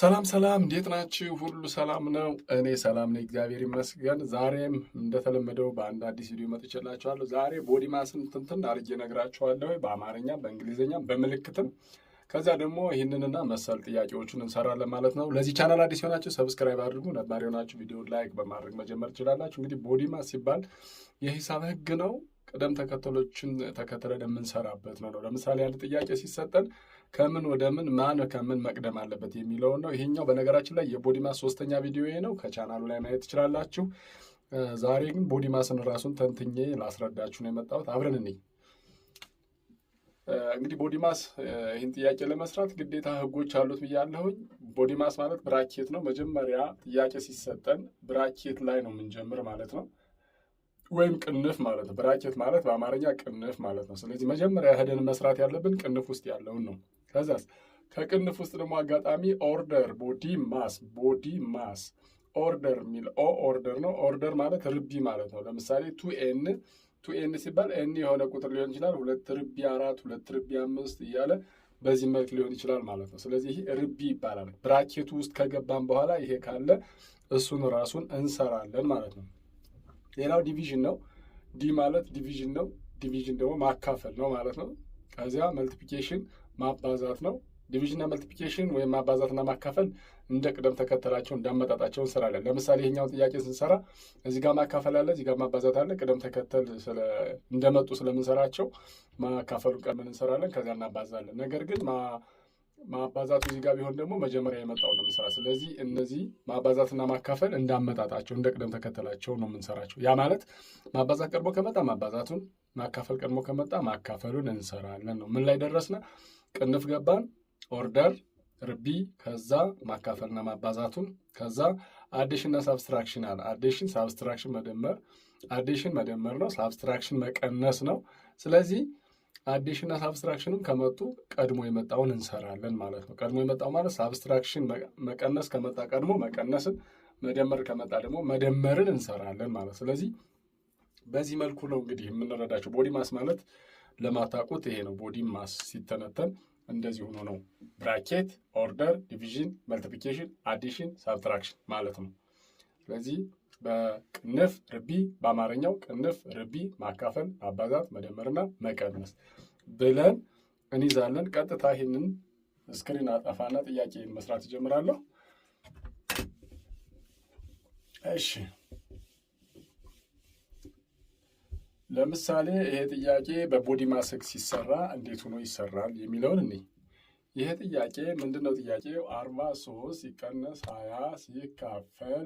ሰላም ሰላም፣ እንዴት ናችሁ? ሁሉ ሰላም ነው? እኔ ሰላም ነኝ፣ እግዚአብሔር ይመስገን። ዛሬም እንደተለመደው በአንድ አዲስ ቪዲዮ መጥቼላችኋለሁ። ዛሬ ቦዲ ማስን ትንትን አድርጌ እነግራችኋለሁ፣ በአማርኛ በእንግሊዝኛ በምልክትም። ከዚያ ደግሞ ይህንንና መሰል ጥያቄዎችን እንሰራለን ማለት ነው። ለዚህ ቻናል አዲስ የሆናችሁ ሰብስክራይብ አድርጉ፣ ነባር የሆናችሁ ቪዲዮ ላይክ በማድረግ መጀመር ትችላላችሁ። እንግዲህ ቦዲ ማስ ሲባል የሂሳብ ህግ ነው። ቅደም ተከተሎችን ተከተለን የምንሰራበት ነው ነው። ለምሳሌ አንድ ጥያቄ ሲሰጠን ከምን ወደ ምን ማን ከምን መቅደም አለበት የሚለውን ነው። ይሄኛው በነገራችን ላይ የቦዲ ማስ ሶስተኛ ቪዲዮ ነው፣ ከቻናሉ ላይ ማየት ትችላላችሁ። ዛሬ ግን ቦዲ ማስን ራሱን ተንትኜ ላስረዳችሁ ነው የመጣሁት። አብረን እንይ። እንግዲህ ቦዲ ማስ ይህን ጥያቄ ለመስራት ግዴታ ህጎች አሉት ብያለሁኝ። ቦዲ ማስ ማለት ብራኬት ነው። መጀመሪያ ጥያቄ ሲሰጠን ብራኬት ላይ ነው የምንጀምር ማለት ነው ወይም ቅንፍ ማለት ነው። ብራኬት ማለት በአማርኛ ቅንፍ ማለት ነው። ስለዚህ መጀመሪያ ሄደን መስራት ያለብን ቅንፍ ውስጥ ያለውን ነው። ከዛስ ከቅንፍ ውስጥ ደግሞ አጋጣሚ ኦርደር ቦዲ ማስ ቦዲ ማስ ኦርደር የሚል ኦ ኦርደር ነው። ኦርደር ማለት ርቢ ማለት ነው። ለምሳሌ ቱ ኤን ቱ ኤን ሲባል ኤን የሆነ ቁጥር ሊሆን ይችላል። ሁለት ርቢ አራት፣ ሁለት ርቢ አምስት እያለ በዚህ መልክ ሊሆን ይችላል ማለት ነው። ስለዚህ ይሄ ርቢ ይባላል። ብራኬቱ ውስጥ ከገባን በኋላ ይሄ ካለ እሱን ራሱን እንሰራለን ማለት ነው። ሌላው ዲቪዥን ነው። ዲ ማለት ዲቪዥን ነው። ዲቪዥን ደግሞ ማካፈል ነው ማለት ነው። ከዚያ መልቲፕሊኬሽን ማባዛት ነው። ዲቪዥንና መልቲፕሊኬሽን ወይም ማባዛትና ማካፈል እንደ ቅደም ተከተላቸው እንዳመጣጣቸው እንሰራለን። ለምሳሌ ይሄኛውን ጥያቄ ስንሰራ እዚህ ጋር ማካፈል አለ፣ እዚህ ጋር ማባዛት አለ። ቅደም ተከተል እንደመጡ ስለምንሰራቸው ማካፈሉን ቀድመን እንሰራለን፣ ከዚያ እናባዛለን። ነገር ግን ማባዛቱ እዚህ ጋር ቢሆን ደግሞ መጀመሪያ የመጣው ነው የምንሰራ። ስለዚህ እነዚህ ማባዛትና ማካፈል እንዳመጣጣቸው እንደ ቅደም ተከተላቸው ነው የምንሰራቸው። ያ ማለት ማባዛት ቀድሞ ከመጣ ማባዛቱን፣ ማካፈል ቀድሞ ከመጣ ማካፈሉን እንሰራለን ነው። ምን ላይ ደረስና ቅንፍ ገባን፣ ኦርደር ርቢ፣ ከዛ ማካፈልና ማባዛቱን፣ ከዛ አዲሽንና ሳብስትራክሽን አለ። አዲሽን ሳብስትራክሽን መደመር፣ አዲሽን መደመር ነው፣ ሳብስትራክሽን መቀነስ ነው። ስለዚህ አዲሽንና ሳብስትራክሽንም ከመጡ ቀድሞ የመጣውን እንሰራለን ማለት ነው። ቀድሞ የመጣው ማለት ሳብስትራክሽን መቀነስ ከመጣ ቀድሞ መቀነስን፣ መደመር ከመጣ ደግሞ መደመርን እንሰራለን ማለት። ስለዚህ በዚህ መልኩ ነው እንግዲህ የምንረዳቸው። ቦዲ ማስ ማለት ለማታውቁት ይሄ ነው። ቦዲ ማስ ሲተነተን እንደዚህ ሆኖ ነው ብራኬት፣ ኦርደር፣ ዲቪዥን፣ መልቲፕሊኬሽን፣ አዲሽን፣ ሳብትራክሽን ማለት ነው። ስለዚህ በቅንፍ ርቢ በአማርኛው ቅንፍ ርቢ ማካፈል፣ ማባዛት፣ መደመርና መቀነስ ብለን እንይዛለን። ቀጥታ ይህንን ስክሪን አጠፋና ጥያቄ መስራት እጀምራለሁ። እሺ ለምሳሌ ይሄ ጥያቄ በቦዲ ማስክ ሲሰራ እንዴት ሆኖ ይሰራል የሚለውን እኔ ይሄ ጥያቄ ምንድን ነው? ጥያቄው አርባ ሶስት ሲቀነስ ሀያ ሲካፈል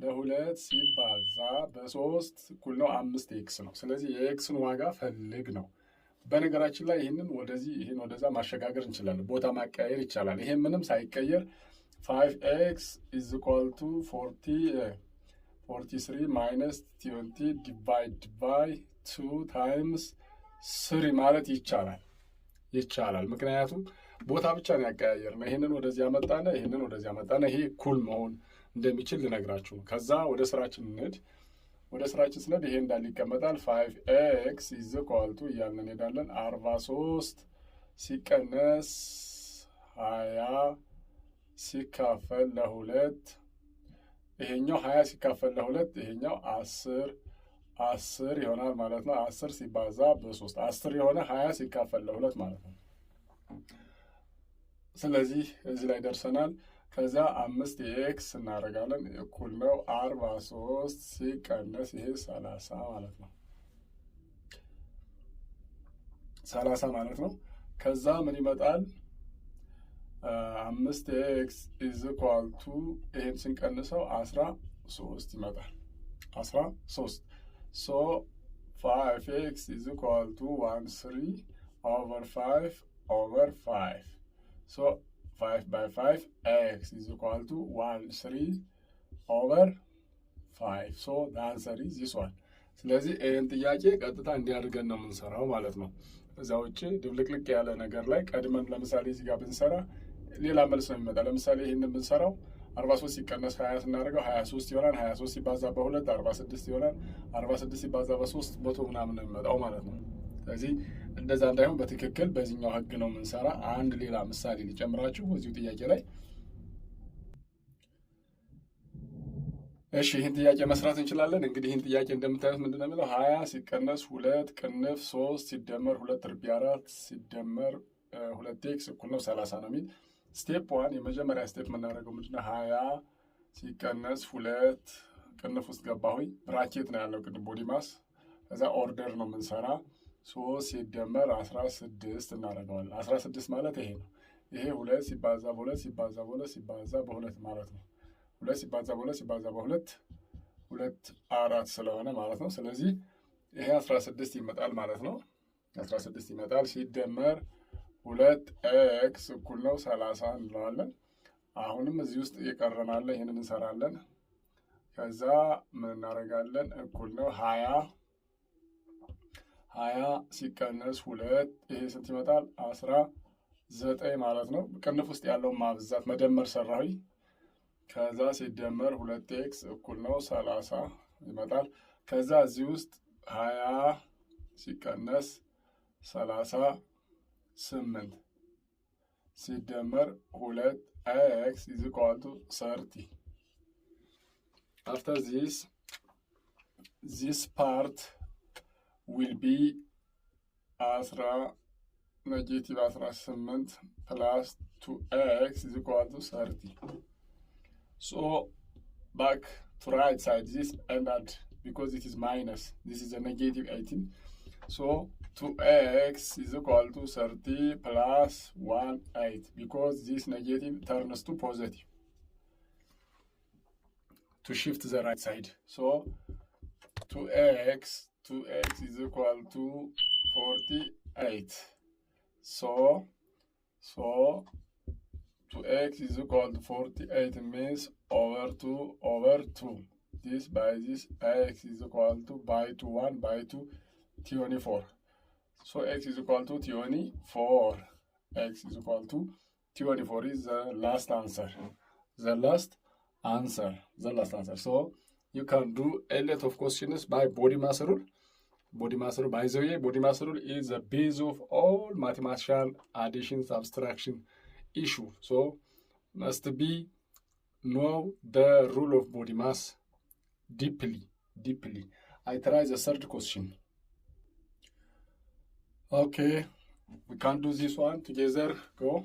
ለሁለት ሲባዛ በሶስት እኩል ነው አምስት ኤክስ ነው። ስለዚህ የኤክስን ዋጋ ፈልግ ነው። በነገራችን ላይ ይህንን ወደዚህ ይህን ወደዛ ማሸጋገር እንችላለን። ቦታ ማቀያየር ይቻላል። ይሄ ምንም ሳይቀየር ፋይቭ ኤክስ ኢዝ ኢኳል ቱ ፎርቲ 43 ማይነስ 20 ዲቫይድ ባይ 2 ታይምስ 3 ማለት ይቻላል ይቻላል። ምክንያቱም ቦታ ብቻ ነው ያቀያየር ነው። ይህንን ወደዚህ መጣነ፣ ይህንን ወደዚህ መጣነ። ይሄ እኩል መሆን እንደሚችል ልነግራችሁ። ከዛ ወደ ስራችን እንሂድ። ወደ ስራችን ስንሄድ ይሄ እንዳለ ይቀመጣል። 5 5x ኢዝ ኢኳል እያልን እንሄዳለን። 43 ሲቀነስ 20 ሲካፈል ለሁለት ይሄኛው ሀያ ሲካፈል ለሁለት ይሄኛው አስር አስር ይሆናል ማለት ነው። አስር ሲባዛ በሶስት አስር የሆነ ሀያ ሲካፈል ለሁለት ማለት ነው። ስለዚህ እዚህ ላይ ደርሰናል። ከዚያ አምስት የኤክስ እናደርጋለን እኩል ነው አርባ ሶስት ሲቀነስ ይሄ ሰላሳ ማለት ነው። ሰላሳ ማለት ነው። ከዛ ምን ይመጣል? አምስት ኤክስ ኢዝ ኢኳል ቱ ይሄን ስንቀንሰው አስራ ሶስት ይመጣል። አስራ ሶስት ሶ ፋይቭ ኤክስ ኢዝ ኢኳል ቱ ዋን ስሪ ኦቨር ፋይቭ ኦቨር ፋይቭ ሶ ፋይቭ ባይ ፋይቭ ኤክስ ኢዝ ኢኳል ቱ ዋን ስሪ ኦቨር ፋይቭ ሶ ዳንሰሪ ዚሷል። ስለዚህ ይህን ጥያቄ ቀጥታ እንዲያድርገን ነው የምንሰራው ማለት ነው። እዛ ውጭ ድብልቅልቅ ያለ ነገር ላይ ቀድመን ለምሳሌ እዚህ ጋር ብንሰራ ሌላ መልስ ነው የሚመጣ። ለምሳሌ ይህን ብንሰራው አርባ ሶስት ሲቀነስ ሀያ ስናደርገው ሀያ ሶስት ይሆናል። ሀያ ሶስት ሲባዛ በሁለት አርባ ስድስት ይሆናል። አርባ ስድስት ሲባዛ በሶስት መቶ ምናምን ነው የሚመጣው ማለት ነው። ስለዚህ እንደዛ እንዳይሆን በትክክል በዚህኛው ህግ ነው የምንሰራ። አንድ ሌላ ምሳሌ ሊጨምራችሁ እዚሁ ጥያቄ ላይ እሺ ይህን ጥያቄ መስራት እንችላለን። እንግዲህ ይህን ጥያቄ እንደምታዩት ምንድን ነው የሚለው ሀያ ሲቀነስ ሁለት ቅንፍ ሶስት ሲደመር ሁለት እርቢ አራት ሲደመር ሁለት ኤክስ እኩል ነው ሰላሳ ነው የሚል ስቴፕ ዋን የመጀመሪያ ስቴፕ የምናደርገው ምንድነው? ሀያ ሲቀነስ ሁለት ቅንፍ ውስጥ ገባሁኝ። ብራኬት ነው ያለው ቅድም ቦዲ ማስ። ከዛ ኦርደር ነው የምንሰራ። ሶስት ሲደመር አስራ ስድስት እናደርገዋለን። አስራ ስድስት ማለት ይሄ ነው። ይሄ ሁለት ሲባዛ በሁለት ሲባዛ በሁለት ሲባዛ በሁለት ማለት ነው። ሁለት ሲባዛ በሁለት ሲባዛ በሁለት ሁለት አራት ስለሆነ ማለት ነው። ስለዚህ ይሄ አስራ ስድስት ይመጣል ማለት ነው። አስራ ስድስት ይመጣል ሲደመር ሁለት ኤክስ እኩል ነው ሰላሳ እንለዋለን። አሁንም እዚህ ውስጥ እየቀረናለን ይህንን እንሰራለን። ከዛ ምን እናደርጋለን? እኩል ነው ሀያ ሀያ ሲቀነስ ሁለት ይሄ ስንት ይመጣል? አስራ ዘጠኝ ማለት ነው። ቅንፍ ውስጥ ያለውን ማብዛት መደመር ሰራዊ። ከዛ ሲደመር ሁለት ኤክስ እኩል ነው ሰላሳ ይመጣል። ከዛ እዚህ ውስጥ ሀያ ሲቀነስ ሰላሳ ስምንት ሲደመር ሁለት ኤክስ ኢዝ ኢኳል ቱ ሰርቲ አፍተር ዚስ ዚስ ፓርት ዊል ቢ አስራ ኔጌቲቭ አስራ ስምንት ፕላስ ቱ ኤክስ ኢዝ ኢኳል ቱ ሰርቲ ሶ ባክ to right side this and that because it is minus this is a negative 18 so 2x is equal to 30 plus 1 8 because this negative turns to positive to shift the right side so 2x 2x is equal to 48 so so 2x is equal to 48 means over 2 over 2 this by this x is equal to by 2 1 by 2 24 so x is equal to 24. x is equal to 24 is the last answer. The last answer. The last answer. So you can do a lot of questions by body mass rule. Body mass rule, by the way, body mass rule is the base of all mathematical addition subtraction issue. So must be know the rule of body mass deeply, deeply. I try the third question. Okay, we can do this one together. Go.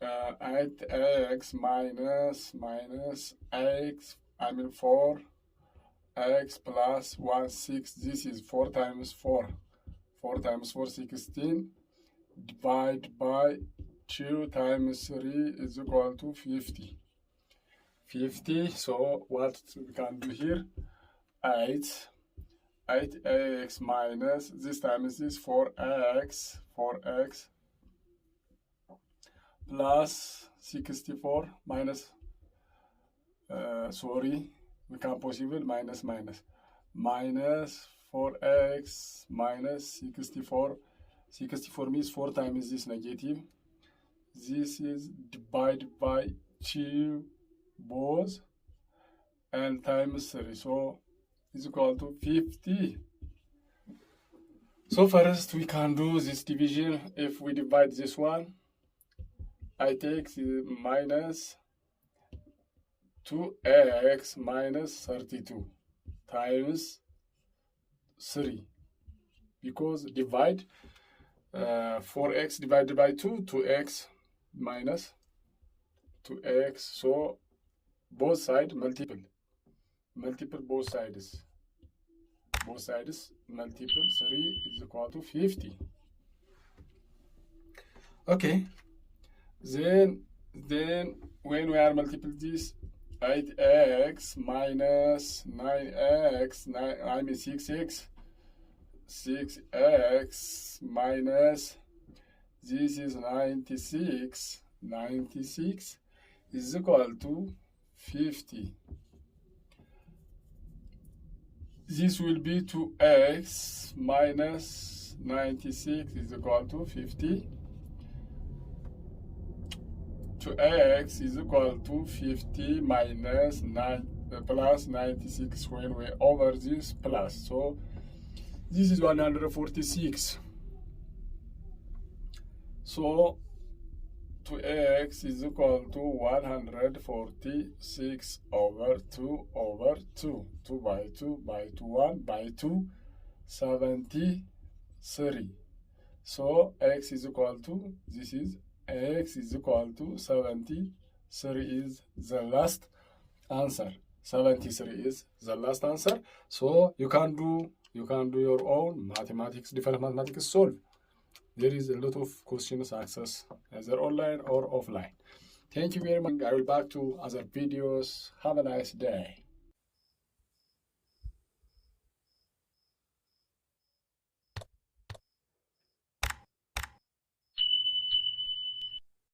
Uh, 8x minus minus x, I mean 4, x plus 1, 6. This is 4 times 4. 4 times 4, 16. Divide by 2 times 3 is equal to 50. 50, so what we can do here? 8 8x minus, this time is this 4x, 4x plus 64 minus, uh, sorry, we can't possible minus minus, minus 4x minus 64, 64 means 4 times this negative, this is divided by 2 both and times 3, so is equal to 50. So first we can do this division. If we divide this one, I take the minus 2x minus 32 times 3 because divide uh, 4x divided by 2 2x minus 2x so both side multiple multiple both sides both sides multiple 3 is equal to 50 okay then then when we are multiple this 8x minus 9x 9 i mean 6x 6x minus this is 96 96 is equal to 50 this will be 2x minus 96 is equal to 50. 2x is equal to 50 minus 9 uh, plus 96 when we over this plus. So this is 146. So to x is equal to 146 over 2 over 2 2 by 2 by 2 1 by 2 73 so x is equal to this is x is equal to 73 is the last answer 73 is the last answer so you can do you can do your own mathematics different mathematics solve there is a lot of questions access either online or offline thank you very much i will back to other videos have a nice day